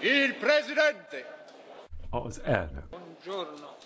Il presidente. Az elnök. Buongiorno.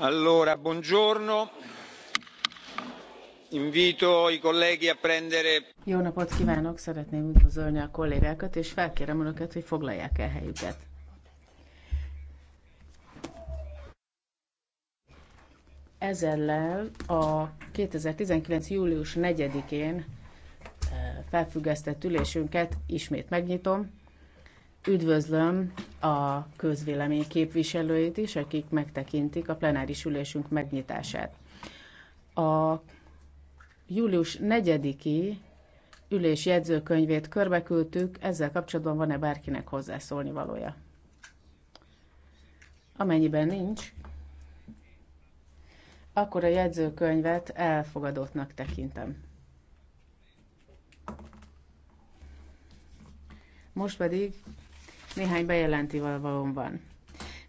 allora buongiorno invito i colleghi a prendere. jó napot kívánok szeretném üdvözölni a kollégákat és felkérem önöket hogy foglalják el helyüket. ezzel a 2019. július 4-én eh, felfüggesztett ülésünket ismét megnyitom. Üdvözlöm a közvélemény képviselőit is, akik megtekintik a plenáris ülésünk megnyitását. A július 4-i ülés jegyzőkönyvét körbeküldtük, ezzel kapcsolatban van-e bárkinek hozzászólni valója? Amennyiben nincs, akkor a jegyzőkönyvet elfogadottnak tekintem. Most pedig néhány bejelentivalvalóm van.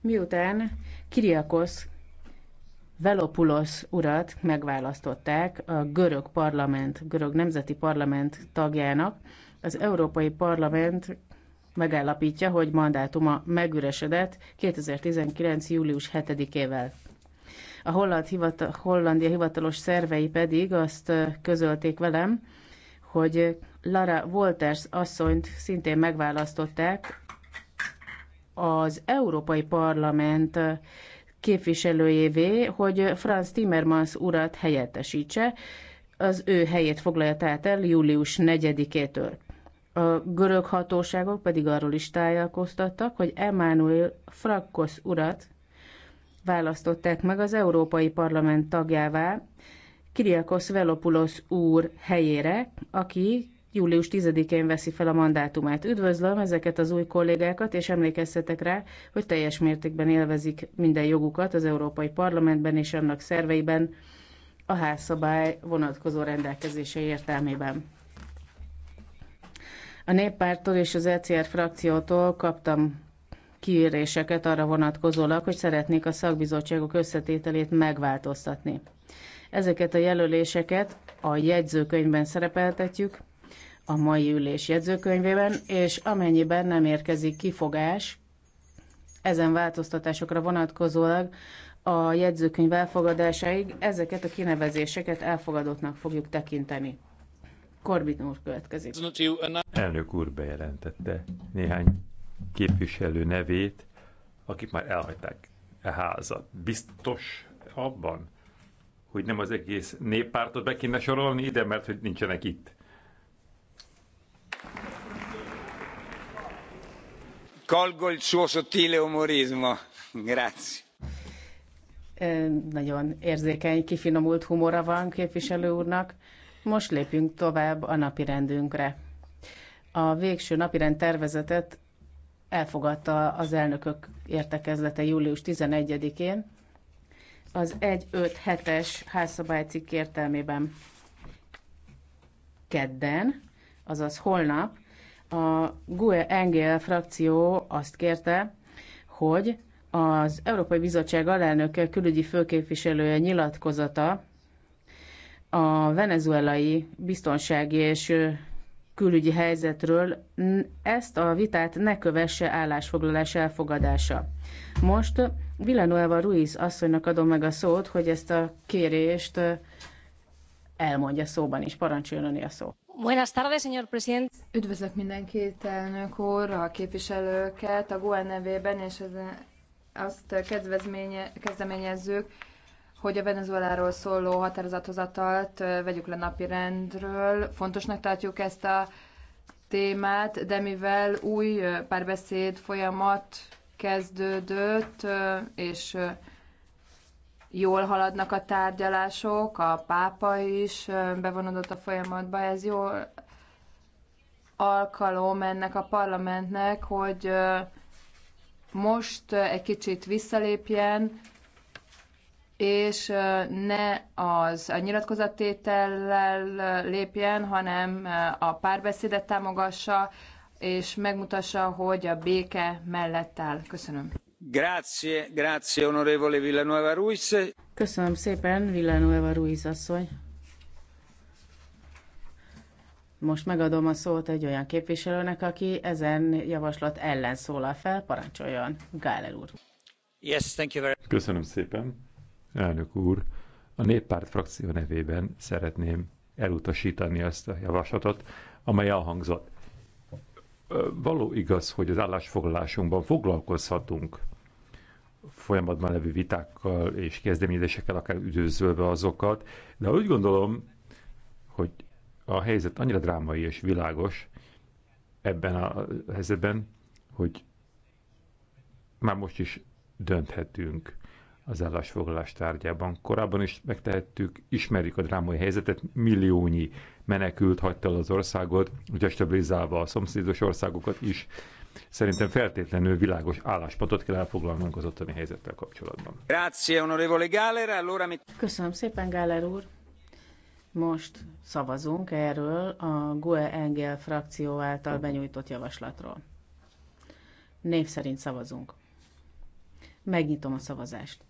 Miután Kiriakos Velopulos urat megválasztották a görög parlament, görög nemzeti parlament tagjának, az Európai Parlament megállapítja, hogy mandátuma megüresedett 2019. július 7-ével. A holland hivatal, Hollandia hivatalos szervei pedig azt közölték velem, hogy Lara Wolters asszonyt szintén megválasztották az Európai Parlament képviselőjévé, hogy Franz Timmermans urat helyettesítse, az ő helyét foglalja tehát el július 4-től. A görög hatóságok pedig arról is tájékoztattak, hogy Emmanuel Frakkos urat választották meg az Európai Parlament tagjává, Kiriakos Velopulos úr helyére, aki július 10-én veszi fel a mandátumát. Üdvözlöm ezeket az új kollégákat, és emlékeztetek rá, hogy teljes mértékben élvezik minden jogukat az Európai Parlamentben és annak szerveiben a házszabály vonatkozó rendelkezése értelmében. A néppártól és az ECR frakciótól kaptam kiíréseket arra vonatkozólag, hogy szeretnék a szakbizottságok összetételét megváltoztatni. Ezeket a jelöléseket a jegyzőkönyvben szerepeltetjük, a mai ülés jegyzőkönyvében, és amennyiben nem érkezik kifogás ezen változtatásokra vonatkozólag a jegyzőkönyv elfogadásáig, ezeket a kinevezéseket elfogadottnak fogjuk tekinteni. Korbin úr következik. Elnök úr bejelentette néhány képviselő nevét, akik már elhagyták a e házat. Biztos abban, hogy nem az egész néppártot be kéne sorolni ide, mert hogy nincsenek itt. Nagyon érzékeny, kifinomult humora van képviselő úrnak. Most lépjünk tovább a napirendünkre. A végső napirend tervezetet elfogadta az elnökök értekezlete július 11-én az 7 es házszabálycikk értelmében kedden, azaz holnap a GUE NGL frakció azt kérte, hogy az Európai Bizottság alelnöke külügyi főképviselője nyilatkozata a venezuelai biztonsági és külügyi helyzetről ezt a vitát ne kövesse állásfoglalás elfogadása. Most Villanueva Ruiz asszonynak adom meg a szót, hogy ezt a kérést elmondja szóban is. Parancsoljon a szó. Buenas tardes, señor presidente. Üdvözlök mindenkit, elnök úr, a képviselőket, a GUE nevében, és az, azt kedvezménye, kezdeményezzük, hogy a Venezueláról szóló határozathozatalt vegyük le napi rendről. Fontosnak tartjuk ezt a témát, de mivel új párbeszéd folyamat kezdődött, és jól haladnak a tárgyalások, a pápa is bevonódott a folyamatba, ez jó alkalom ennek a parlamentnek, hogy most egy kicsit visszalépjen, és ne az a nyilatkozattétellel lépjen, hanem a párbeszédet támogassa, és megmutassa, hogy a béke mellett áll. Köszönöm. Köszönöm szépen, Villanueva Ruiz asszony. Most megadom a szót egy olyan képviselőnek, aki ezen javaslat ellen szólal fel, parancsoljon, Gáler úr. Yes, thank you very... Köszönöm szépen, elnök úr. A néppárt frakció nevében szeretném elutasítani ezt a javaslatot, amely elhangzott. Való igaz, hogy az állásfoglalásunkban foglalkozhatunk folyamatban levő vitákkal és kezdeményezésekkel akár üdvözölve azokat, de úgy gondolom, hogy a helyzet annyira drámai és világos ebben a helyzetben, hogy már most is dönthetünk az állásfoglalás tárgyában. Korábban is megtehettük, ismerjük a drámai helyzetet, milliónyi menekült hagyta el az országot, ugye stabilizálva a szomszédos országokat is, Szerintem feltétlenül világos álláspontot kell elfoglalnunk az ottani helyzettel kapcsolatban. Allora Köszönöm szépen, Gáler úr. Most szavazunk erről a GUE Engel frakció által oh. benyújtott javaslatról. Név szerint szavazunk. Megnyitom a szavazást.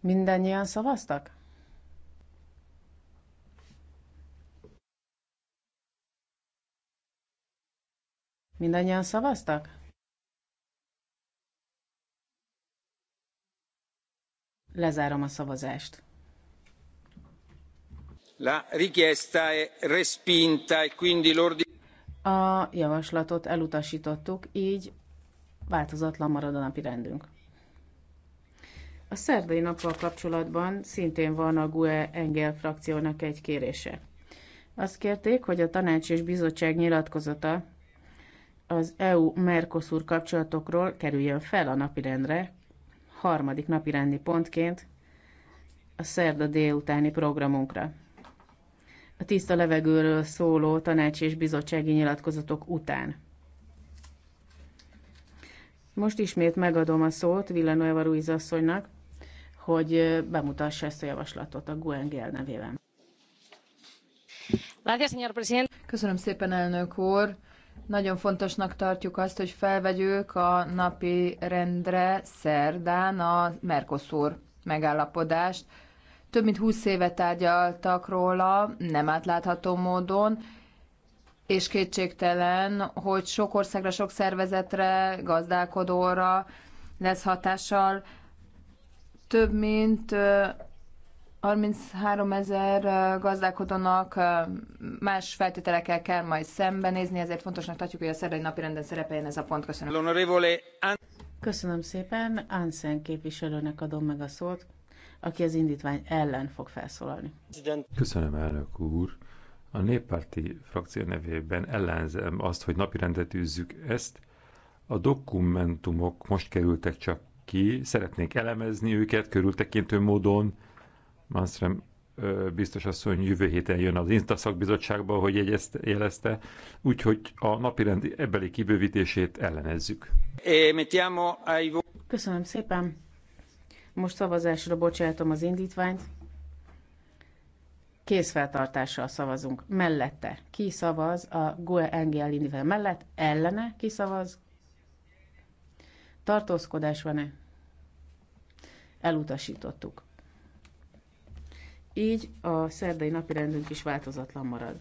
Mindannyian szavaztak? Mindannyian szavaztak? Lezárom a szavazást. La richiesta è respinta e quindi l'ordine... A javaslatot elutasítottuk, így változatlan marad a napi rendünk. A szerdai nappal kapcsolatban szintén van a GUE Engel frakciónak egy kérése. Azt kérték, hogy a tanács és bizottság nyilatkozata az EU-Mercosur kapcsolatokról kerüljön fel a napirendre, harmadik napirendi pontként a szerda délutáni programunkra. A tiszta levegőről szóló tanács és bizottsági nyilatkozatok után. Most ismét megadom a szót Villanueva Ruiz asszonynak, hogy bemutassa ezt a javaslatot a Guengel nevében. Köszönöm szépen, elnök úr! Nagyon fontosnak tartjuk azt, hogy felvegyük a napi rendre szerdán a Mercosur megállapodást. Több mint 20 éve tárgyaltak róla, nem átlátható módon, és kétségtelen, hogy sok országra, sok szervezetre, gazdálkodóra lesz hatással. Több mint 33 ezer gazdálkodónak más feltételekkel kell majd szembenézni, ezért fontosnak tartjuk, hogy a szerdai napirenden szerepeljen ez a pont. Köszönöm. Köszönöm szépen. Ansen képviselőnek adom meg a szót, aki az indítvány ellen fog felszólalni. Köszönöm, elnök úr. A néppárti frakció nevében ellenzem azt, hogy napirendet üzzük ezt. A dokumentumok most kerültek csak ki, szeretnék elemezni őket körültekintő módon, Manström biztos asszony jövő héten jön az Insta szakbizottságba, hogy jegyezt, jelezte, úgyhogy a napirend ebbeli kibővítését ellenezzük. E, Köszönöm szépen. Most szavazásra bocsátom az indítványt. Készfeltartással szavazunk. Mellette ki szavaz a GUE NGL indítvány mellett, ellene ki szavaz. Tartózkodás van-e? Elutasítottuk. Így a szerdai napirendünk is változatlan marad.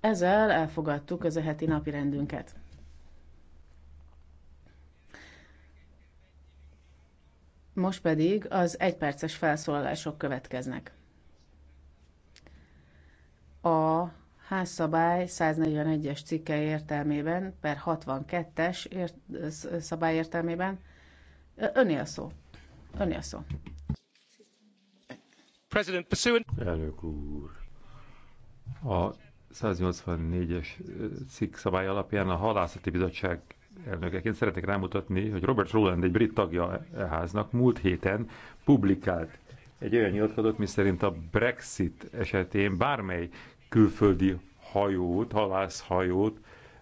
Ezzel elfogadtuk az eheti napirendünket. Most pedig az egyperces felszólalások következnek. A házszabály 141-es cikke értelmében per 62-es ért, szabály értelmében önél szó. Elnök úr, a 184-es eh, cikk szabály alapján a halászati bizottság elnökeként szeretnék rámutatni, hogy Robert Rowland, egy brit tagja a e háznak múlt héten publikált egy olyan nyilatkozatot, szerint a Brexit esetén bármely külföldi hajót, halászhajót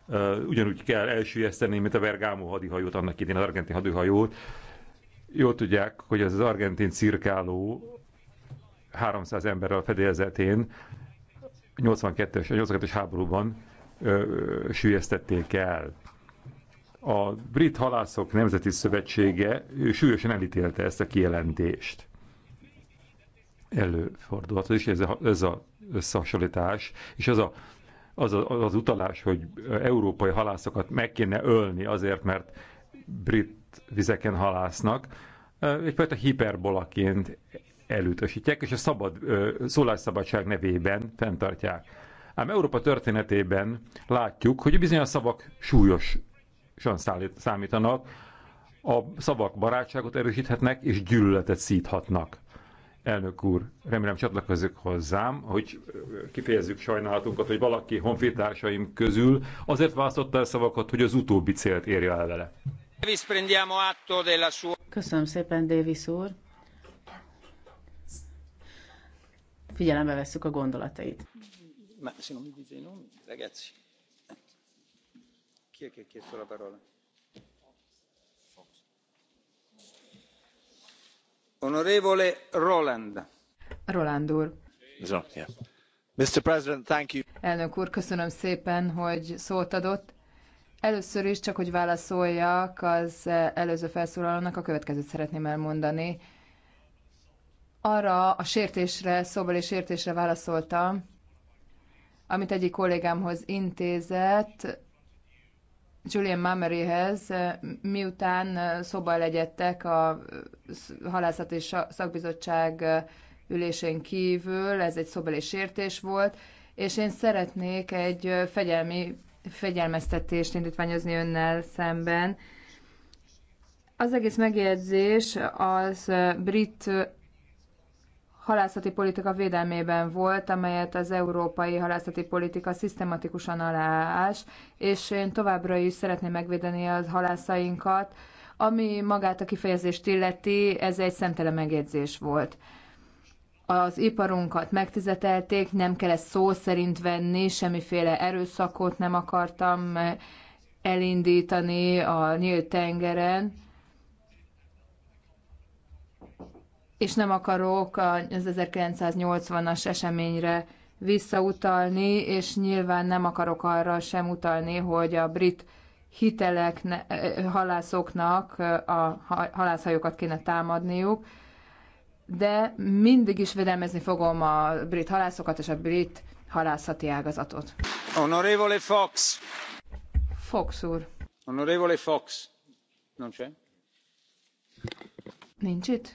eh, ugyanúgy kell elsüllyeszteni, mint a Vergámó hadihajót, annak idén az argentin hadihajót, Jól tudják, hogy az argentin cirkáló 300 emberrel fedélzetén 82-es, a 82-es háborúban sűjesztették el. A Brit Halászok Nemzeti Szövetsége súlyosan elítélte ezt a kijelentést. Előfordulhat, és ez a, ez a összehasonlítás, és az a, az, a, az utalás, hogy európai halászokat meg kéne ölni azért, mert brit vizeken halásznak, egyfajta hiperbolaként elütösítják, és a szabad, szólásszabadság nevében fenntartják. Ám Európa történetében látjuk, hogy bizony a szavak súlyosan számítanak, a szavak barátságot erősíthetnek és gyűlöletet szíthatnak. Elnök úr, remélem csatlakozik hozzám, hogy kifejezzük sajnálatunkat, hogy valaki honfitársaim közül azért választotta el szavakat, hogy az utóbbi célt érje el vele. Köszönöm szépen, Davis úr. Figyelembe vesszük a gondolatait. Onorevole Roland. Roland úr. Elnök úr, köszönöm szépen, hogy szót adott Először is csak, hogy válaszoljak az eh, előző felszólalónak, a következőt szeretném elmondani. Arra a sértésre, szóbeli sértésre válaszoltam, amit egyik kollégámhoz intézett, Julian Mameryhez, eh, miután eh, szóba legyettek a és szakbizottság ülésén kívül, ez egy szobeli sértés volt, és én szeretnék egy fegyelmi fegyelmeztetést indítványozni önnel szemben. Az egész megjegyzés az brit halászati politika védelmében volt, amelyet az európai halászati politika szisztematikusan aláás, és én továbbra is szeretném megvédeni az halászainkat, ami magát a kifejezést illeti, ez egy szemtelen megjegyzés volt az iparunkat megtizetelték, nem kellett szó szerint venni, semmiféle erőszakot nem akartam elindítani a nyílt tengeren, és nem akarok az 1980-as eseményre visszautalni, és nyilván nem akarok arra sem utalni, hogy a brit hitelek, halászoknak a halászhajókat kéne támadniuk, de mindig is védelmezni fogom a brit halászokat és a brit halászati ágazatot. Honorevole Fox. Fox úr. Honorevole Fox. Non c'è? Nincs itt?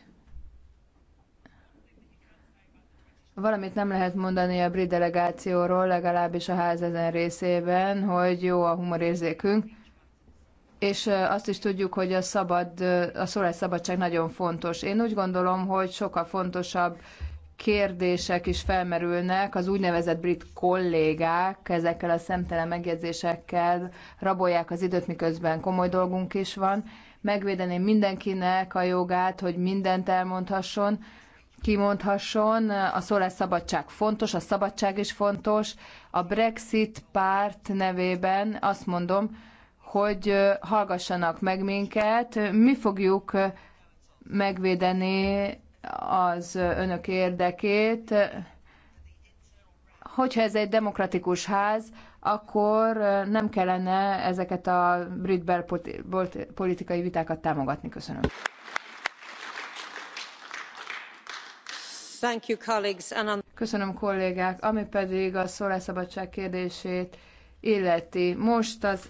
Valamit nem lehet mondani a brit delegációról, legalábbis a ház ezen részében, hogy jó a humorérzékünk és azt is tudjuk, hogy a, szabad, a szólásszabadság nagyon fontos. Én úgy gondolom, hogy sokkal fontosabb kérdések is felmerülnek, az úgynevezett brit kollégák ezekkel a szemtelen megjegyzésekkel rabolják az időt, miközben komoly dolgunk is van. Megvédeném mindenkinek a jogát, hogy mindent elmondhasson, kimondhasson. A szólásszabadság fontos, a szabadság is fontos. A Brexit párt nevében azt mondom, hogy hallgassanak meg minket. Mi fogjuk megvédeni az önök érdekét. Hogyha ez egy demokratikus ház, akkor nem kellene ezeket a brit politikai vitákat támogatni. Köszönöm. Köszönöm kollégák, ami pedig a szólásszabadság kérdését illeti. Most az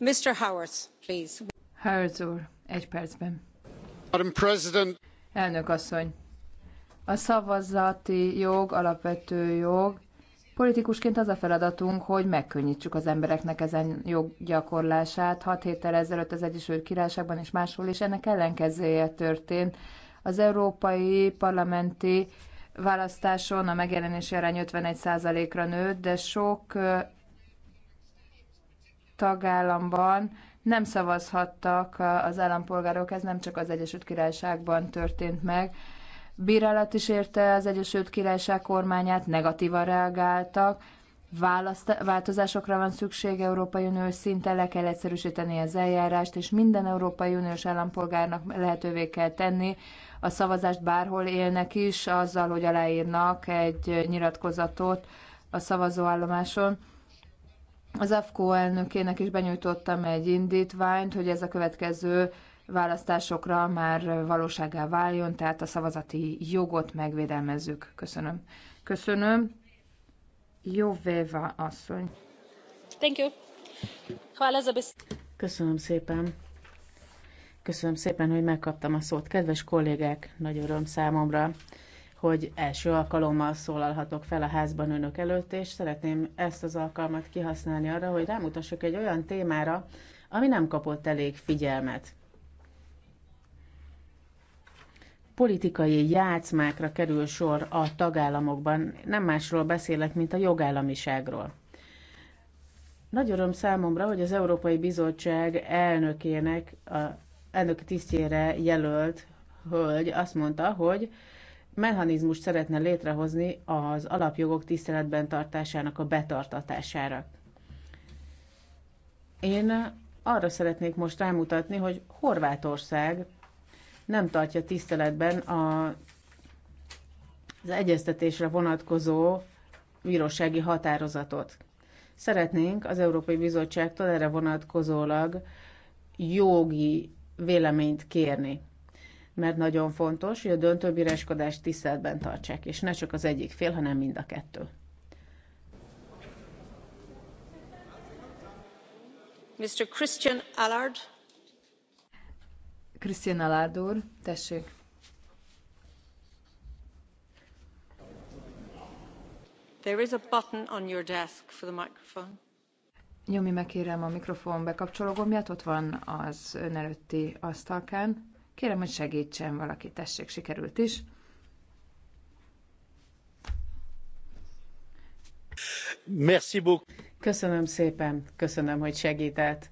Madam President. Elnök asszony, a szavazati jog alapvető jog. Politikusként az a feladatunk, hogy megkönnyítsük az embereknek ezen jog gyakorlását. Hat héttel ezelőtt az Egyesült Királyságban és máshol is ennek ellenkezője történt. Az európai parlamenti választáson a megjelenési arány 51%-ra nőtt, de sok tagállamban nem szavazhattak az állampolgárok, ez nem csak az Egyesült Királyságban történt meg. Bírálat is érte az Egyesült Királyság kormányát, negatívan reagáltak, Választ, változásokra van szükség Európai Uniós szinten, le kell egyszerűsíteni az eljárást, és minden Európai Uniós állampolgárnak lehetővé kell tenni a szavazást bárhol élnek is, azzal, hogy aláírnak egy nyilatkozatot a szavazóállomáson. Az AFKO elnökének is benyújtottam egy indítványt, hogy ez a következő választásokra már valóságá váljon, tehát a szavazati jogot megvédelmezzük. Köszönöm. Köszönöm. Jó véva asszony. Thank you. Köszönöm szépen. Köszönöm szépen, hogy megkaptam a szót. Kedves kollégák, nagy öröm számomra, hogy első alkalommal szólalhatok fel a házban önök előtt, és szeretném ezt az alkalmat kihasználni arra, hogy rámutassak egy olyan témára, ami nem kapott elég figyelmet. Politikai játszmákra kerül sor a tagállamokban, nem másról beszélek, mint a jogállamiságról. Nagy öröm számomra, hogy az Európai Bizottság elnökének, a elnöki tisztjére jelölt hölgy azt mondta, hogy mechanizmust szeretne létrehozni az alapjogok tiszteletben tartásának a betartatására. Én arra szeretnék most rámutatni, hogy Horvátország nem tartja tiszteletben a, az egyeztetésre vonatkozó bírósági határozatot. Szeretnénk az Európai Bizottságtól erre vonatkozólag jogi véleményt kérni mert nagyon fontos, hogy a döntőbíráskodást tiszteletben tartsák, és ne csak az egyik fél, hanem mind a kettő. Mr. Christian Allard. Christian Allard úr, tessék. There is a button on your desk for the microphone. Nyomj meg kérem a mikrofon bekapcsoló gombját, ott van az ön előtti asztalkán. Kérem, hogy segítsen valaki, tessék, sikerült is. Merci beaucoup. Köszönöm szépen, köszönöm, hogy segített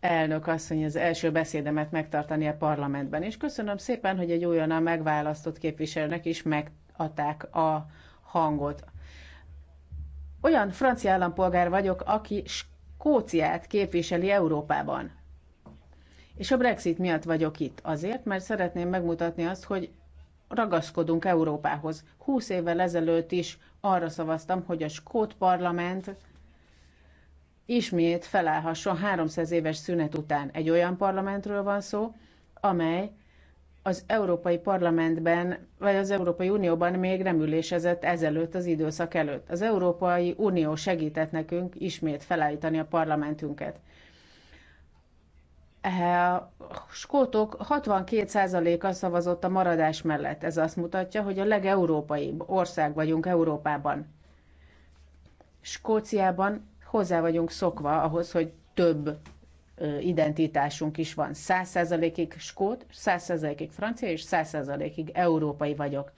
elnök asszony az első beszédemet megtartani a parlamentben, és köszönöm szépen, hogy egy újonnan megválasztott képviselőnek is megadták a hangot. Olyan francia állampolgár vagyok, aki Skóciát képviseli Európában. És a Brexit miatt vagyok itt. Azért, mert szeretném megmutatni azt, hogy ragaszkodunk Európához. Húsz évvel ezelőtt is arra szavaztam, hogy a Skót parlament ismét felállhasson 300 éves szünet után. Egy olyan parlamentről van szó, amely az Európai Parlamentben, vagy az Európai Unióban még nem ülésezett ezelőtt az időszak előtt. Az Európai Unió segített nekünk ismét felállítani a parlamentünket. A skótok 62%-a szavazott a maradás mellett. Ez azt mutatja, hogy a legeurópai ország vagyunk Európában. Skóciában hozzá vagyunk szokva ahhoz, hogy több identitásunk is van. 100%-ig skót, 100%-ig francia és 100%-ig európai vagyok.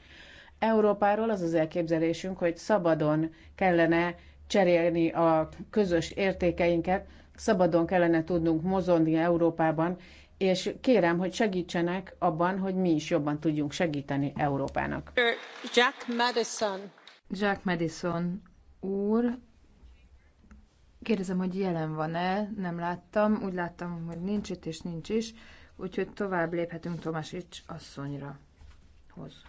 Európáról az az elképzelésünk, hogy szabadon kellene cserélni a közös értékeinket, Szabadon kellene tudnunk mozogni Európában, és kérem, hogy segítsenek abban, hogy mi is jobban tudjunk segíteni Európának. Jack Madison. Jack Madison úr, kérdezem, hogy jelen van-e, nem láttam, úgy láttam, hogy nincs itt és nincs is, úgyhogy tovább léphetünk Tomasics asszonyra. Hoz.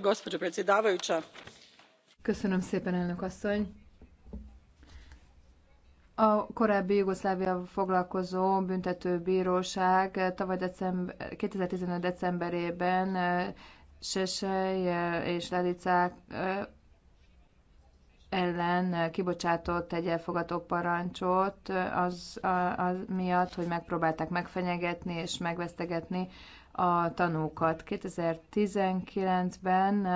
gospođo predsjedavajuća Köszönöm szépen, elnök asszony. A korábbi Jugoszlávia foglalkozó bíróság tavaly december, 2015. decemberében eh, Sesej eh, és Lelicák eh, ellen kibocsátott egy elfogató parancsot az, az miatt, hogy megpróbálták megfenyegetni és megvesztegetni a tanúkat. 2019-ben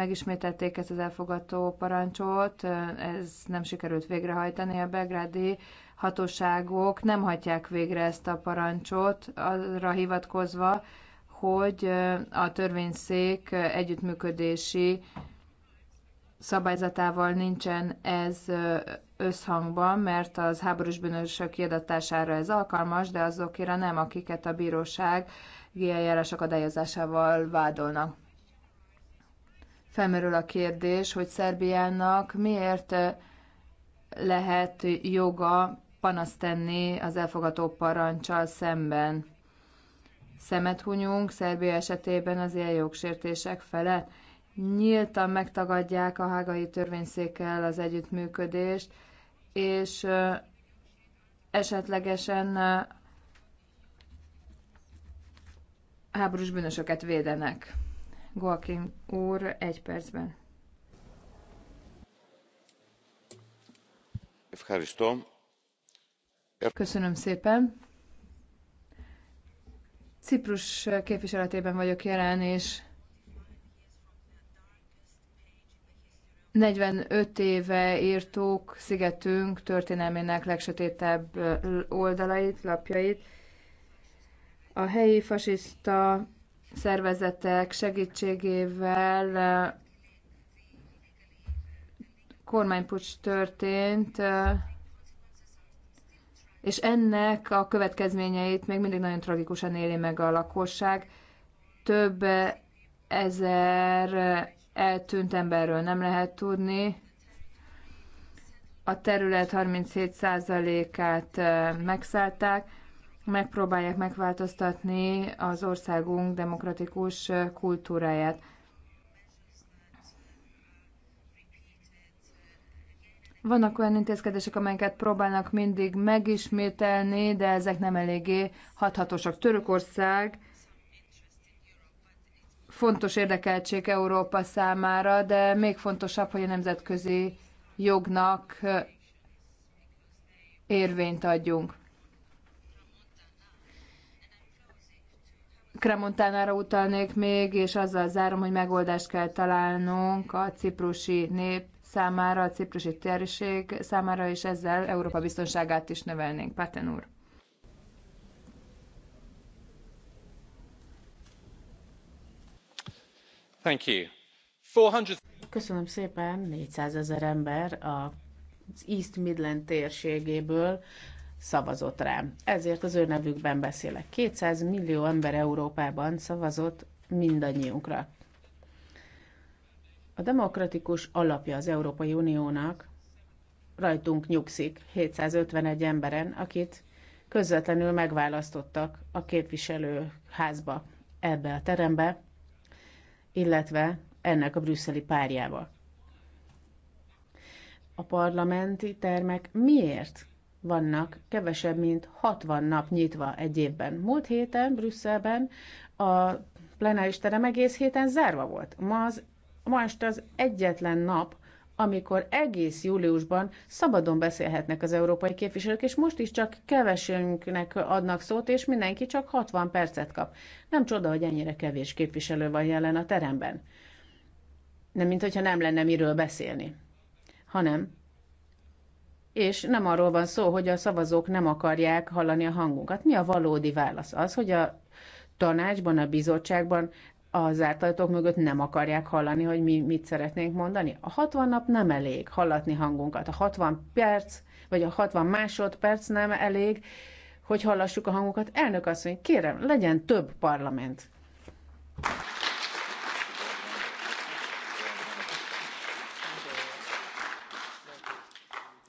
megismételték ezt az elfogadó parancsot, ez nem sikerült végrehajtani. A belgrádi hatóságok nem hagyják végre ezt a parancsot, arra hivatkozva, hogy a törvényszék együttműködési szabályzatával nincsen ez összhangban, mert az háborús bűnösök kiadatására ez alkalmas, de azokira nem, akiket a bíróság eljárás akadályozásával vádolnak felmerül a kérdés, hogy Szerbiának miért eh, lehet joga panaszt tenni az elfogadó parancsal szemben. Szemet hunyunk Szerbia esetében az ilyen jogsértések fele. Nyíltan megtagadják a hágai törvényszékkel az együttműködést, és eh, esetlegesen eh, háborús bűnösöket védenek. Golkin úr egy percben. Köszönöm szépen. Ciprus képviseletében vagyok jelen, és 45 éve írtuk szigetünk történelmének legsötétebb oldalait, lapjait. A helyi fasiszta szervezetek segítségével kormánypucs történt, és ennek a következményeit még mindig nagyon tragikusan éli meg a lakosság. Több ezer eltűnt emberről nem lehet tudni. A terület 37%-át megszállták, megpróbálják megváltoztatni az országunk demokratikus kultúráját. Vannak olyan intézkedések, amelyeket próbálnak mindig megismételni, de ezek nem eléggé hathatósak. Törökország fontos érdekeltség Európa számára, de még fontosabb, hogy a nemzetközi jognak érvényt adjunk. Kremontánára utalnék még, és azzal zárom, hogy megoldást kell találnunk a ciprusi nép számára, a ciprusi térség számára, és ezzel Európa biztonságát is növelnénk. Paten úr. Thank you. 400... Köszönöm szépen, 400 ezer ember az East Midland térségéből szavazott rám. Ezért az ő nevükben beszélek. 200 millió ember Európában szavazott mindannyiunkra. A demokratikus alapja az Európai Uniónak rajtunk nyugszik 751 emberen, akit közvetlenül megválasztottak a képviselőházba, ebbe a terembe, illetve ennek a brüsszeli párjába. A parlamenti termek miért vannak kevesebb, mint 60 nap nyitva egy évben. Múlt héten Brüsszelben a plenáris terem egész héten zárva volt. Ma, az, ma este az egyetlen nap, amikor egész júliusban szabadon beszélhetnek az európai képviselők, és most is csak kevesünknek adnak szót, és mindenki csak 60 percet kap. Nem csoda, hogy ennyire kevés képviselő van jelen a teremben. Nem, mint hogyha nem lenne miről beszélni. Hanem és nem arról van szó, hogy a szavazók nem akarják hallani a hangunkat. Mi a valódi válasz? Az, hogy a tanácsban, a bizottságban a zárt ajtók mögött nem akarják hallani, hogy mi mit szeretnénk mondani. A 60 nap nem elég hallatni hangunkat. A 60 perc, vagy a 60 másodperc nem elég, hogy hallassuk a hangunkat. Elnök mondja, kérem, legyen több parlament.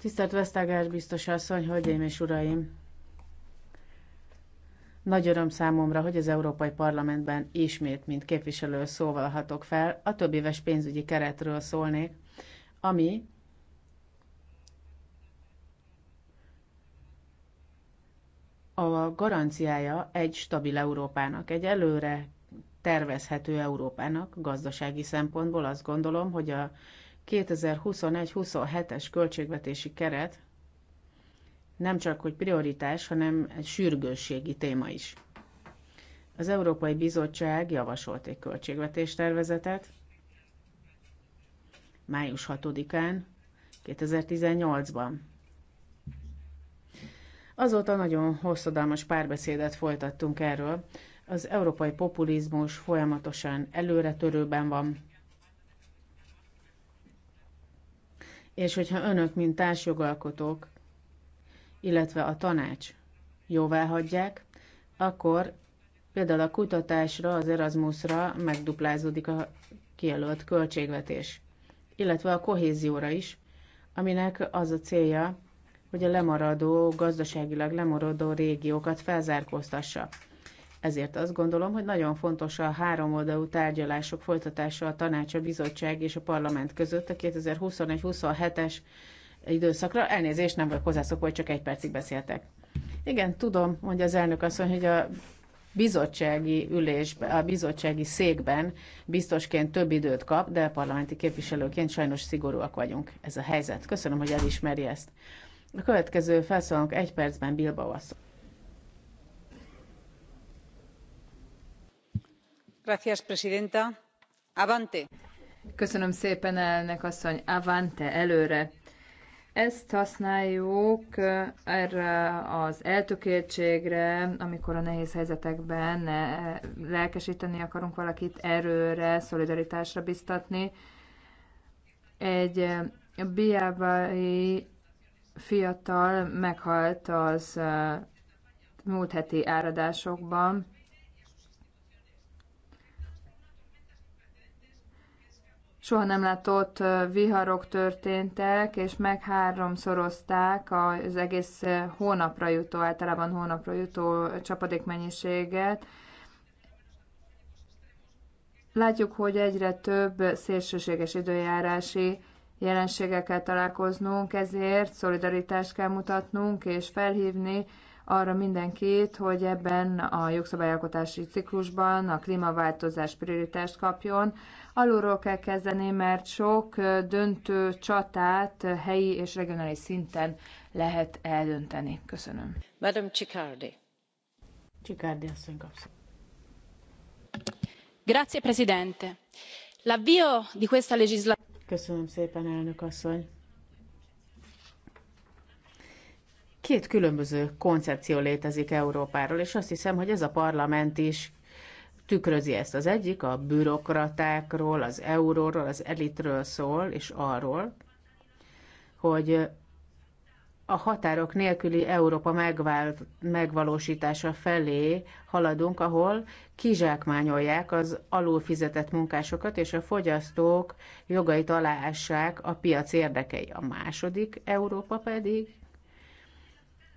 Tisztelt Vesztágás biztos asszony, hölgyeim és uraim! Nagy öröm számomra, hogy az Európai Parlamentben ismét, mint képviselő hatok fel. A több éves pénzügyi keretről szólnék, ami a garanciája egy stabil Európának, egy előre tervezhető Európának gazdasági szempontból. Azt gondolom, hogy a 2021-27-es költségvetési keret nem csak hogy prioritás, hanem egy sürgősségi téma is. Az Európai Bizottság javasolt egy tervezetet május 6-án 2018-ban. Azóta nagyon hosszadalmas párbeszédet folytattunk erről. Az európai populizmus folyamatosan előretörőben van, És hogyha önök, mint társjogalkotók, illetve a tanács jóvá hagyják, akkor például a kutatásra, az Erasmusra megduplázódik a kijelölt költségvetés, illetve a kohézióra is, aminek az a célja, hogy a lemaradó, gazdaságilag lemaradó régiókat felzárkóztassa. Ezért azt gondolom, hogy nagyon fontos a háromoldalú tárgyalások folytatása a tanács, a bizottság és a parlament között a 2021-27-es időszakra. Elnézést, nem vagyok hozzászokva, hogy csak egy percig beszéltek. Igen, tudom, mondja az elnök asszony, hogy a bizottsági ülésben, a bizottsági székben biztosként több időt kap, de parlamenti képviselőként sajnos szigorúak vagyunk. Ez a helyzet. Köszönöm, hogy elismeri ezt. A következő felszólalunk egy percben Bilbao asszony. presidenta avante! köszönöm szépen elnök asszony avante előre! ezt használjuk erre az eltökéltségre, amikor a nehéz helyzetekben eh, lelkesíteni akarunk valakit, erőre, szolidaritásra biztatni. Egy eh, biávai fiatal meghalt az eh, múlt heti áradásokban, soha nem látott viharok történtek, és meg háromszorozták az egész hónapra jutó, általában hónapra jutó csapadékmennyiséget. Látjuk, hogy egyre több szélsőséges időjárási jelenségekkel találkoznunk, ezért szolidaritást kell mutatnunk és felhívni arra mindenkit, hogy ebben a jogszabályalkotási ciklusban a klímaváltozás prioritást kapjon, Alulról kell kezdeni, mert sok döntő csatát helyi és regionális szinten lehet eldönteni. Köszönöm. Madam Cicardi. Cicardi asszony kapszol. Grazie, Presidente. L'avvio di questa legislatura... Köszönöm szépen, elnök asszony. Két különböző koncepció létezik Európáról, és azt hiszem, hogy ez a parlament is tükrözi ezt. Az egyik a bürokratákról, az euróról, az elitről szól, és arról, hogy a határok nélküli Európa megvál, megvalósítása felé haladunk, ahol kizsákmányolják az alul fizetett munkásokat, és a fogyasztók jogait aláássák a piac érdekei. A második Európa pedig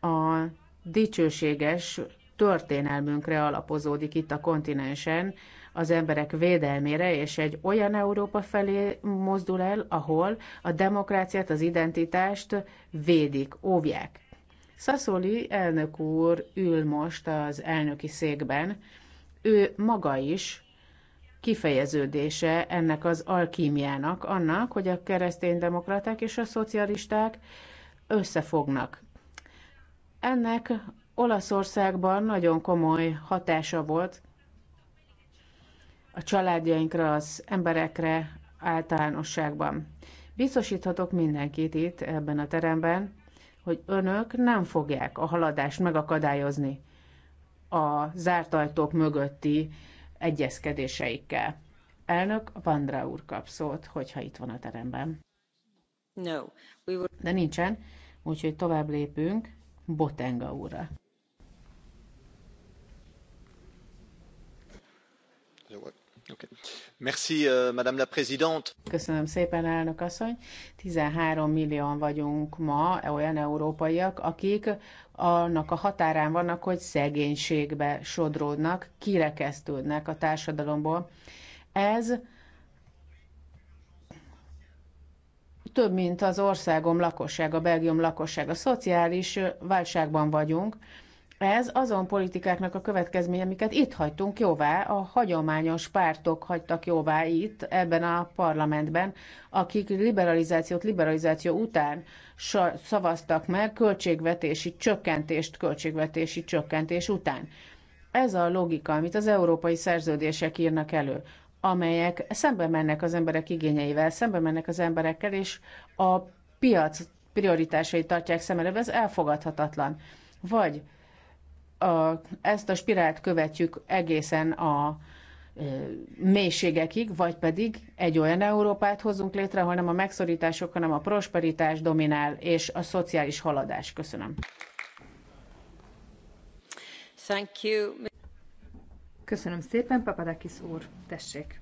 a dicsőséges történelmünkre alapozódik itt a kontinensen, az emberek védelmére, és egy olyan Európa felé mozdul el, ahol a demokráciát, az identitást védik, óvják. Szaszoli elnök úr ül most az elnöki székben, ő maga is kifejeződése ennek az alkímiának, annak, hogy a kereszténydemokraták és a szocialisták összefognak. Ennek Olaszországban nagyon komoly hatása volt a családjainkra, az emberekre általánosságban. Biztosíthatok mindenkit itt ebben a teremben, hogy önök nem fogják a haladást megakadályozni a zárt ajtók mögötti egyezkedéseikkel. Elnök Vandra úr kap szót, hogyha itt van a teremben. No, we will... De nincsen, úgyhogy tovább lépünk Botenga úrra. Euh, Köszönöm szépen, elnök asszony. 13 millióan vagyunk ma olyan európaiak, akik annak a határán vannak, hogy szegénységbe sodródnak, kirekesztődnek a társadalomból. Ez több, mint az országom lakossága, Belgium lakossága. Szociális válságban vagyunk, ez azon politikáknak a következménye, amiket itt hagytunk jóvá, a hagyományos pártok hagytak jóvá itt, ebben a parlamentben, akik liberalizációt liberalizáció után szavaztak meg költségvetési csökkentést költségvetési csökkentés után. Ez a logika, amit az európai szerződések írnak elő amelyek szembe mennek az emberek igényeivel, szembe mennek az emberekkel, és a piac prioritásait tartják szem előbb, ez elfogadhatatlan. Vagy a, ezt a spirált követjük egészen a e, mélységekig, vagy pedig egy olyan Európát hozunk létre, ahol nem a megszorítások, hanem a prosperitás dominál, és a szociális haladás. Köszönöm. Thank you. Köszönöm szépen, Papadakis úr. Tessék.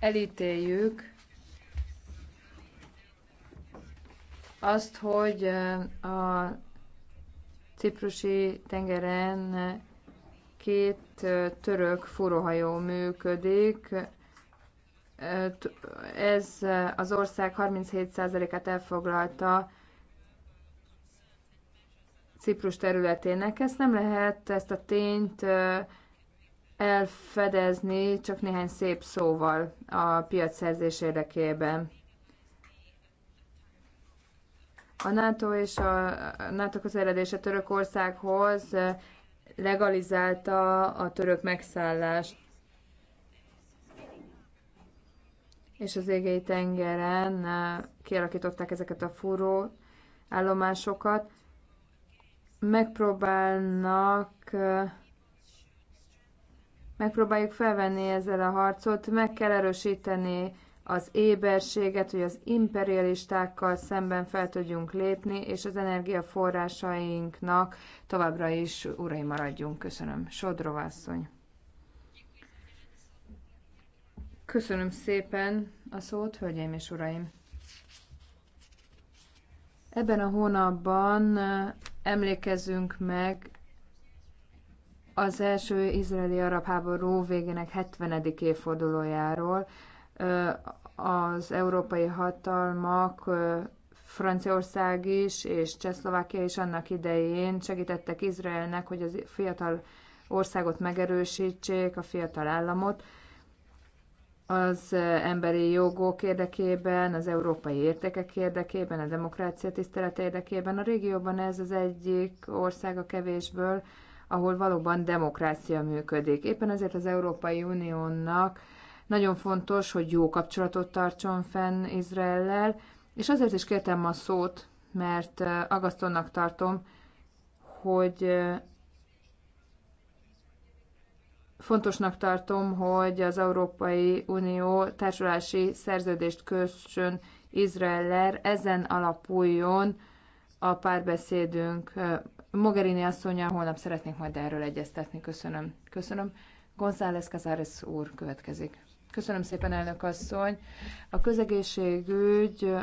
Elítéljük azt, hogy a ciprusi tengeren két török furóhajó működik. Ez az ország 37%-át elfoglalta Ciprus területének. Ezt nem lehet, ezt a tényt elfedezni csak néhány szép szóval a piacszerzés érdekében. A NATO és a NATO közeledése Törökországhoz eh, legalizálta a török megszállást. És az égei tengeren eh, kialakították ezeket a furó állomásokat. Megpróbálnak eh, megpróbáljuk felvenni ezzel a harcot, meg kell erősíteni az éberséget, hogy az imperialistákkal szemben fel tudjunk lépni, és az energiaforrásainknak továbbra is urai maradjunk. Köszönöm. Sodrova asszony. Köszönöm szépen a szót, hölgyeim és uraim. Ebben a hónapban emlékezünk meg az első izraeli arab háború végének 70. évfordulójáról, az európai hatalmak, Franciaország is és Csehszlovákia is annak idején segítettek Izraelnek, hogy az fiatal országot megerősítsék, a fiatal államot az emberi jogok érdekében, az európai értékek érdekében, a demokrácia tisztelete érdekében. A régióban ez az egyik ország a kevésből, ahol valóban demokrácia működik. Éppen ezért az Európai Uniónak nagyon fontos, hogy jó kapcsolatot tartson fenn Izraellel, és azért is kértem a szót, mert agasztónak tartom, hogy fontosnak tartom, hogy az Európai Unió társulási szerződést kössön Izraellel, ezen alapuljon a párbeszédünk. Mogherini asszonya, holnap szeretnék majd erről egyeztetni. Köszönöm. Köszönöm. González Casares úr következik. Köszönöm szépen, elnök asszony. A közegészségügy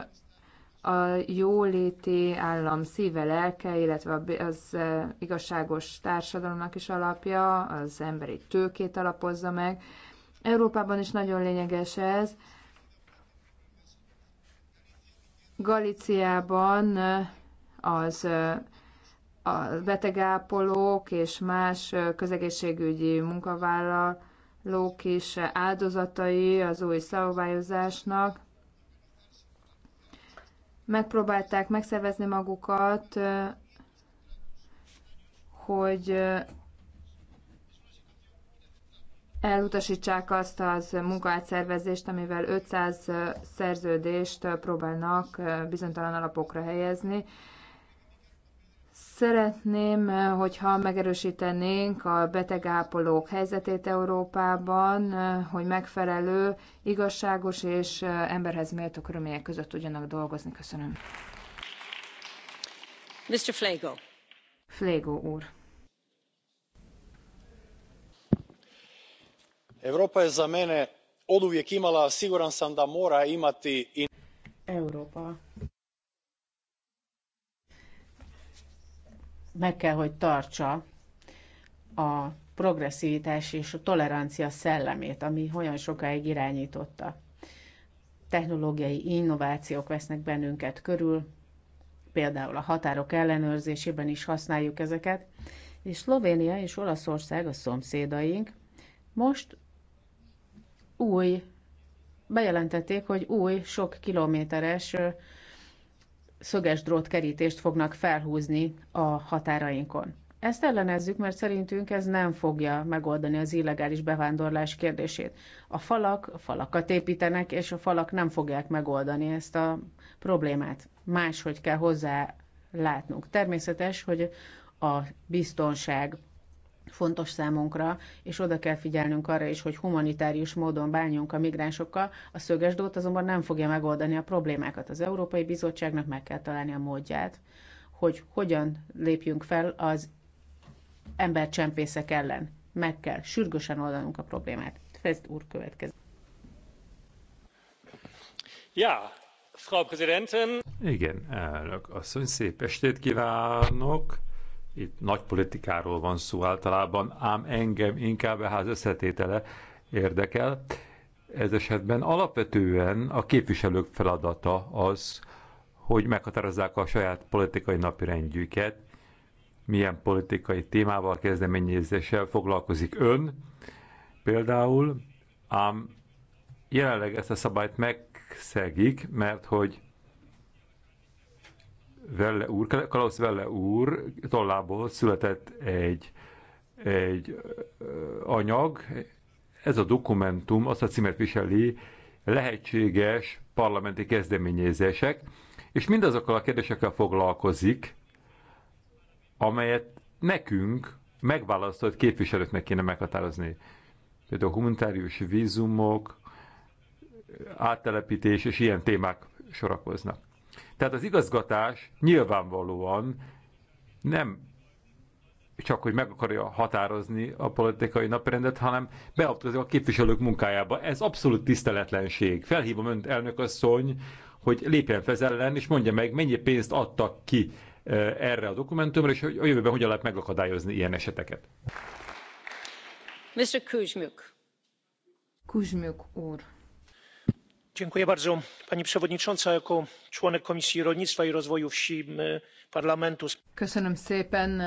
a jóléti állam szíve, lelke, illetve az e, igazságos társadalomnak is alapja, az emberi tőkét alapozza meg. Európában is nagyon lényeges ez. Galiciában az e, a betegápolók és más e, közegészségügyi munkavállalók lók áldozatai az új szabályozásnak. Megpróbálták megszervezni magukat, hogy elutasítsák azt az munkaátszervezést, amivel 500 szerződést próbálnak bizonytalan alapokra helyezni. Szeretném, eh, hogyha megerősítenénk a betegápolók helyzetét Európában, eh, hogy megfelelő, igazságos és eh, emberhez méltó körülmények között tudjanak dolgozni. Köszönöm. Mr. Flego. Flego úr. Európa ez a mene oduvijek imala, siguran sam da mora imati... Európa meg kell, hogy tartsa a progresszivitás és a tolerancia szellemét, ami olyan sokáig irányította. Technológiai innovációk vesznek bennünket körül, például a határok ellenőrzésében is használjuk ezeket, és Szlovénia és Olaszország a szomszédaink most új, bejelentették, hogy új, sok kilométeres szöges drótkerítést fognak felhúzni a határainkon. Ezt ellenezzük, mert szerintünk ez nem fogja megoldani az illegális bevándorlás kérdését. A falak a falakat építenek, és a falak nem fogják megoldani ezt a problémát. Máshogy kell hozzá látnunk. Természetes, hogy a biztonság fontos számunkra, és oda kell figyelnünk arra is, hogy humanitárius módon bánjunk a migránsokkal. A szögesdót azonban nem fogja megoldani a problémákat. Az Európai Bizottságnak meg kell találni a módját, hogy hogyan lépjünk fel az embercsempészek ellen. Meg kell sürgősen oldanunk a problémát. Fest úr következik. Ja, Frau Präsidentin! Igen, elnök asszony, szép estét kívánok! itt nagy politikáról van szó általában, ám engem inkább a ház összetétele érdekel. Ez esetben alapvetően a képviselők feladata az, hogy meghatározzák a saját politikai napirendjüket, milyen politikai témával, kezdeményezéssel foglalkozik ön, például, ám jelenleg ezt a szabályt megszegik, mert hogy Velle úr, Klaus Velle úr tollából született egy, egy anyag. Ez a dokumentum azt a címet viseli, lehetséges parlamenti kezdeményezések, és mindazokkal a kérdésekkel foglalkozik, amelyet nekünk, megválasztott képviselőknek kéne meghatározni. Például humanitárius vízumok, áttelepítés és ilyen témák sorakoznak. Tehát az igazgatás nyilvánvalóan nem csak, hogy meg akarja határozni a politikai naprendet, hanem beavatkozik a képviselők munkájába. Ez abszolút tiszteletlenség. Felhívom önt, elnök asszony, hogy lépjen fel ellen, és mondja meg, mennyi pénzt adtak ki eh, erre a dokumentumra, és hogy a jövőben hogyan lehet megakadályozni ilyen eseteket. Mr. Kuzmuk. Kuzmuk úr pani przewodnicząca! jako członek komisji rolnictwa i rozwoju wsi parlamentu. köszönöm szépen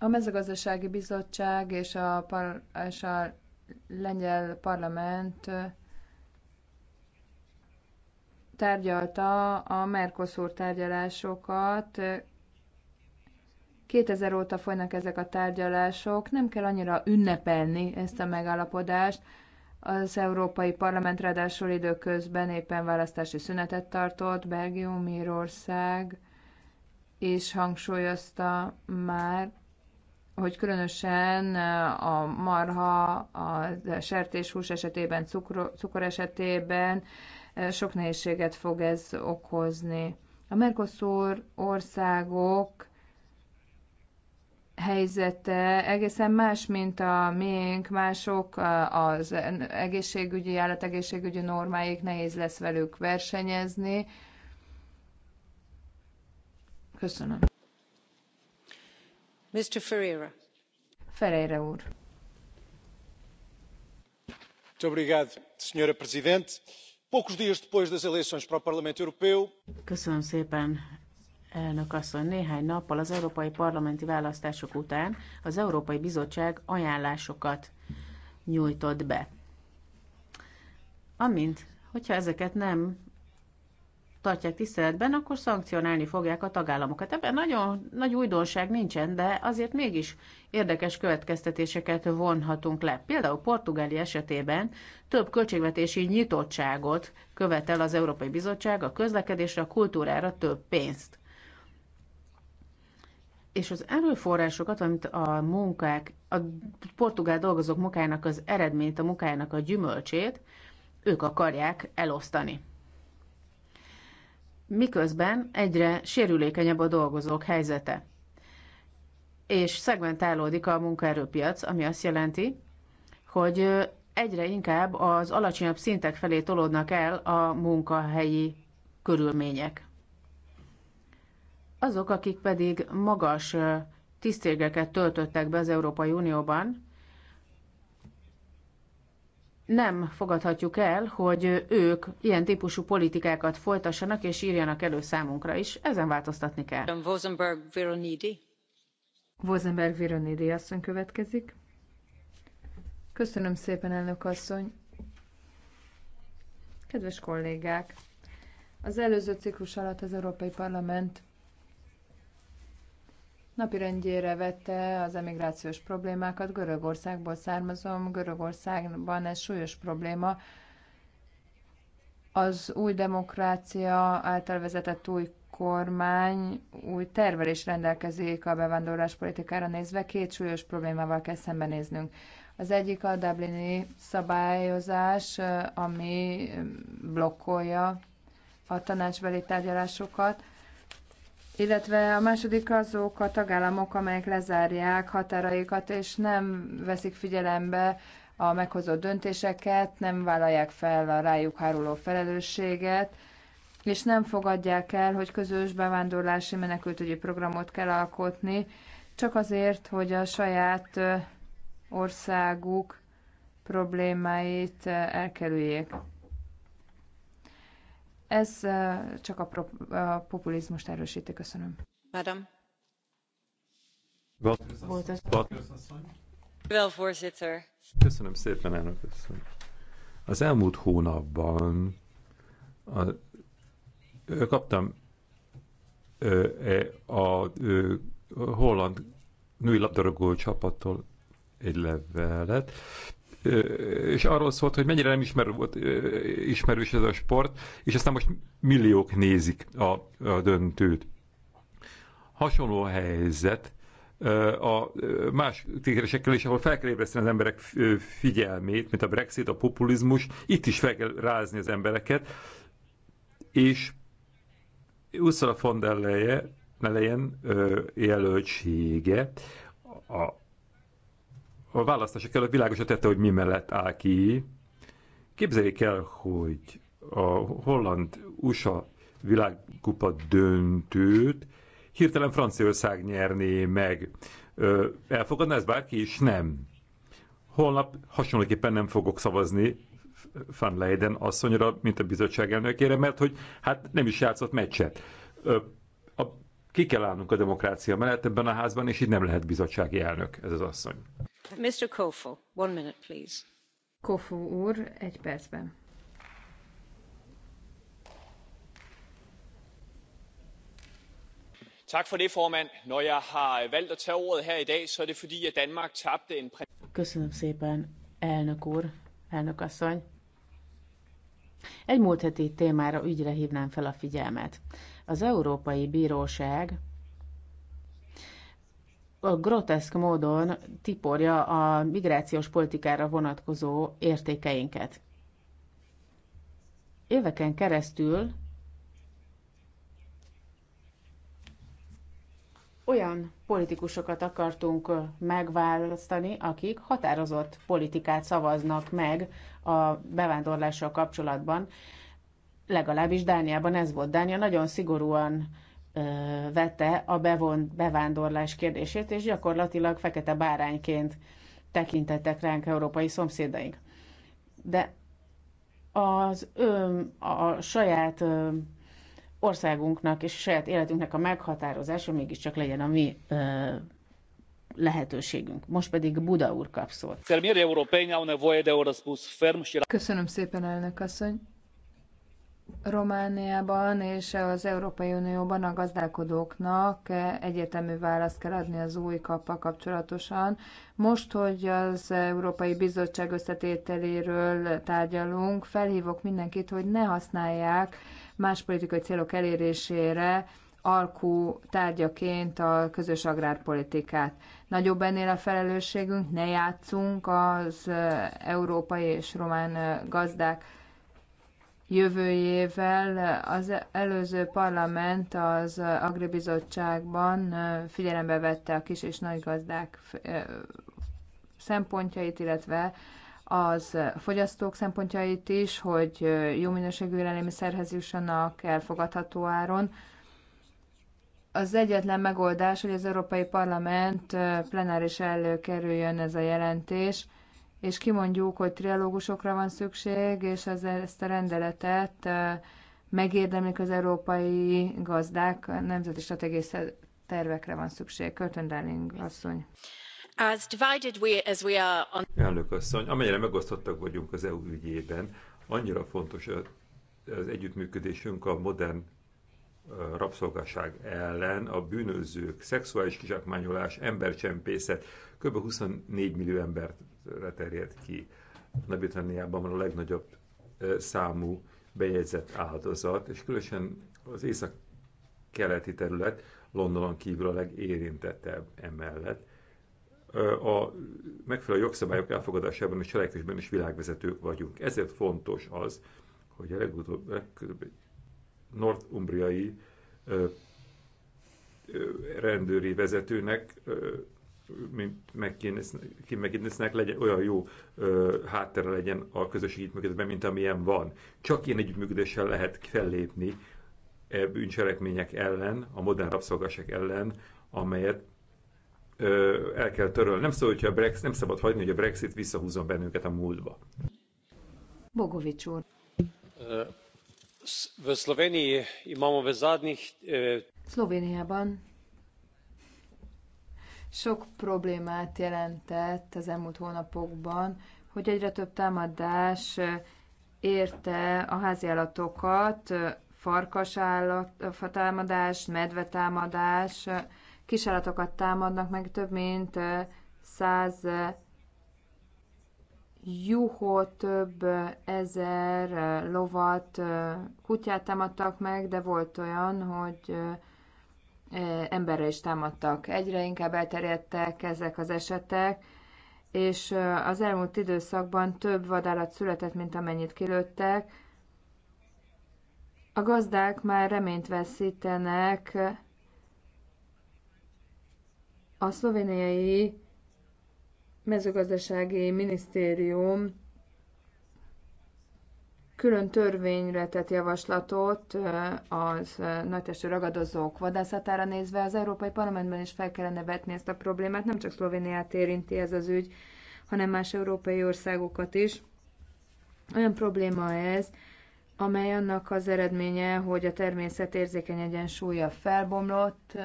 a mezőgazdasági bizottság és a, par- és a lengyel parlament tárgyalta a Mercosur tárgyalásokat. 2000 óta folynak ezek a tárgyalások, nem kell annyira ünnepelni ezt a megállapodást, az Európai Parlament ráadásul időközben éppen választási szünetet tartott, Belgium, Írország és hangsúlyozta már, hogy különösen a marha, a sertéshús esetében, cukor, cukor esetében e, sok nehézséget fog ez okozni. A Mercosur országok helyzete egészen más, mint a miénk, mások az egészségügyi, állategészségügyi normáik, nehéz lesz velük versenyezni. Köszönöm. Mr. Ferreira. Ferreira úr. Muito obrigado, Senhora Presidente. Poucos dias depois das eleições para o Parlamento Europeu. Köszönöm szépen, Elnök asszony, néhány nappal az európai parlamenti választások után az Európai Bizottság ajánlásokat nyújtott be. Amint, hogyha ezeket nem tartják tiszteletben, akkor szankcionálni fogják a tagállamokat. Ebben nagyon nagy újdonság nincsen, de azért mégis érdekes következtetéseket vonhatunk le. Például Portugália esetében több költségvetési nyitottságot követel az Európai Bizottság a közlekedésre, a kultúrára több pénzt és az erőforrásokat, amit a munkák, a portugál dolgozók munkájának az eredményt, a munkájának a gyümölcsét, ők akarják elosztani. Miközben egyre sérülékenyebb a dolgozók helyzete. És szegmentálódik a munkaerőpiac, ami azt jelenti, hogy egyre inkább az alacsonyabb szintek felé tolódnak el a munkahelyi körülmények. Azok, akik pedig magas tisztségeket töltöttek be az Európai Unióban, nem fogadhatjuk el, hogy ők ilyen típusú politikákat folytassanak és írjanak elő számunkra is. Ezen változtatni kell. Vosenberg Vironidi. Vosenberg Vironidi asszony következik. Köszönöm szépen, elnök asszony. Kedves kollégák! Az előző ciklus alatt az Európai Parlament napirendjére vette az emigrációs problémákat. Görögországból származom, Görögországban ez súlyos probléma. Az új demokrácia által vezetett új kormány új tervel is rendelkezik a bevándorlás politikára nézve, két súlyos problémával kell szembenéznünk. Az egyik a Dublini szabályozás, ami blokkolja a tanácsbeli tárgyalásokat, illetve a második azok a tagállamok, amelyek lezárják határaikat, és nem veszik figyelembe a meghozott döntéseket, nem vállalják fel a rájuk háruló felelősséget, és nem fogadják el, hogy közös bevándorlási menekültügyi programot kell alkotni, csak azért, hogy a saját országuk problémáit elkerüljék. Ez csak a, pro- a populizmust erősíti. Köszönöm. Madam. Köszönöm szépen, elnök asszony. Az elmúlt hónapban a, kaptam ö, e, a ö, holland női labdarúgó csapattól egy levelet, és arról szólt, hogy mennyire nem ismerő volt, ismerős ez a sport, és aztán most milliók nézik a, a döntőt. Hasonló helyzet a más kérdésekkel is, ahol fel kell ébreszteni az emberek figyelmét, mint a Brexit, a populizmus, itt is fel kell rázni az embereket, és Ursula von der Leyen, Leyen jelöltsége a a választások előtt világosra tette, hogy mi mellett áll ki. Képzeljék el, hogy a holland-USA világkupa döntőt hirtelen Franciaország nyerné meg. Elfogadná ez bárki is? Nem. Holnap hasonlóképpen nem fogok szavazni Van Leiden asszonyra, mint a bizottság elnökére, mert hogy hát nem is játszott meccset. A, ki kell állnunk a demokrácia mellett ebben a házban, és így nem lehet bizottsági elnök ez az asszony. Mr. one minute, please. tak for det formand når jeg har valgt at tage ordet her i dag så er det fordi Danmark tabte en Köszönöm szépen, elnök úr, elnök asszony. Egy múlt heti témára ügyre hívnám fel a figyelmet. Az Európai Bíróság groteszk módon tiporja a migrációs politikára vonatkozó értékeinket. Éveken keresztül olyan politikusokat akartunk megválasztani, akik határozott politikát szavaznak meg a bevándorlással kapcsolatban. Legalábbis Dániában ez volt. Dánia nagyon szigorúan vette a bevont bevándorlás kérdését, és gyakorlatilag fekete bárányként tekintettek ránk európai szomszédaink. De az ő, a saját országunknak és a saját életünknek a meghatározása mégiscsak legyen a mi ö, lehetőségünk. Most pedig Buda úr kap szót. Köszönöm szépen, elnök asszony. Romániában és az Európai Unióban a gazdálkodóknak egyetemű választ kell adni az új kappal kapcsolatosan. Most, hogy az Európai Bizottság összetételéről tárgyalunk, felhívok mindenkit, hogy ne használják más politikai célok elérésére alkú tárgyaként a közös agrárpolitikát. Nagyobb ennél a felelősségünk, ne játszunk az európai és román gazdák évvel az előző parlament az Agribizottságban figyelembe vette a kis és nagy gazdák szempontjait, illetve az fogyasztók szempontjait is, hogy jó minőségű élelmiszerhez jussanak elfogadható áron. Az egyetlen megoldás, hogy az Európai Parlament plenáris előkerüljön ez a jelentés, és kimondjuk, hogy trialógusokra van szükség, és ez, ezt a rendeletet megérdemlik az európai gazdák, nemzeti stratégiai tervekre van szükség. Curtin Darling asszony. As divided we, as we are on... Elnök asszony, amennyire megosztottak vagyunk az EU ügyében, annyira fontos az együttműködésünk a modern rabszolgaság ellen a bűnözők, szexuális kizsákmányolás, embercsempészet kb. 24 millió embert terjed ki. Nagy-Britanniában van a legnagyobb számú bejegyzett áldozat, és különösen az észak-keleti terület Londonon kívül a legérintettebb emellett. A megfelelő jogszabályok elfogadásában és cselekvésben is világvezetők vagyunk. Ezért fontos az, hogy a legutóbb, legutóbb nordumbriai rendőri vezetőnek, mint Kim McGinnisnek legyen olyan jó ö, háttere legyen a közös működésben, mint amilyen van. Csak ilyen együttműködéssel lehet fellépni e bűncselekmények ellen, a modern rabszolgások ellen, amelyet ö, el kell törölni. Nem, szó, hogyha a Brexit, nem szabad hagyni, hogy a Brexit visszahúzza bennünket a múltba. Bogovics úr. Eh, Szlovéniában sok problémát jelentett az elmúlt hónapokban, hogy egyre több támadás eh, érte a háziállatokat, eh, farkasállat támadás, medvetámadás, kisállatokat támadnak meg több mint száz juhot, több ezer lovat, kutyát támadtak meg, de volt olyan, hogy emberre is támadtak. Egyre inkább elterjedtek ezek az esetek, és az elmúlt időszakban több vadállat született, mint amennyit kilőttek. A gazdák már reményt veszítenek a szlovéniai mezőgazdasági minisztérium külön törvényre tett javaslatot az nagytestű ragadozók vadászatára nézve. Az Európai Parlamentben is fel kellene vetni ezt a problémát, nem csak Szlovéniát érinti ez az ügy, hanem más európai országokat is. Olyan probléma ez, amely annak az eredménye, hogy a természet érzékeny egyensúlya felbomlott,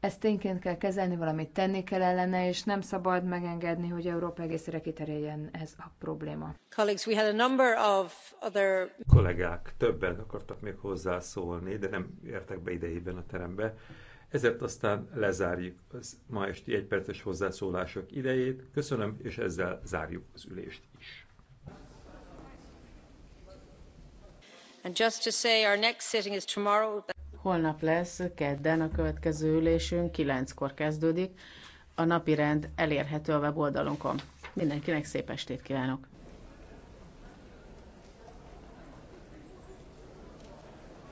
ezt tényként kell kezelni, valamit tenni kell ellene, és nem szabad megengedni, hogy Európa egészére kiterjedjen ez a probléma. Colleagues, we had a number of other... Kollégák, többen akartak még hozzászólni, de nem értek be idejében a terembe. Ezért aztán lezárjuk az ma esti egyperces hozzászólások idejét. Köszönöm, és ezzel zárjuk az ülést is. And just to say, our next sitting is tomorrow. Holnap lesz, kedden a következő ülésünk, kilenckor kezdődik. A napi rend elérhető a weboldalunkon. Mindenkinek szép estét kívánok!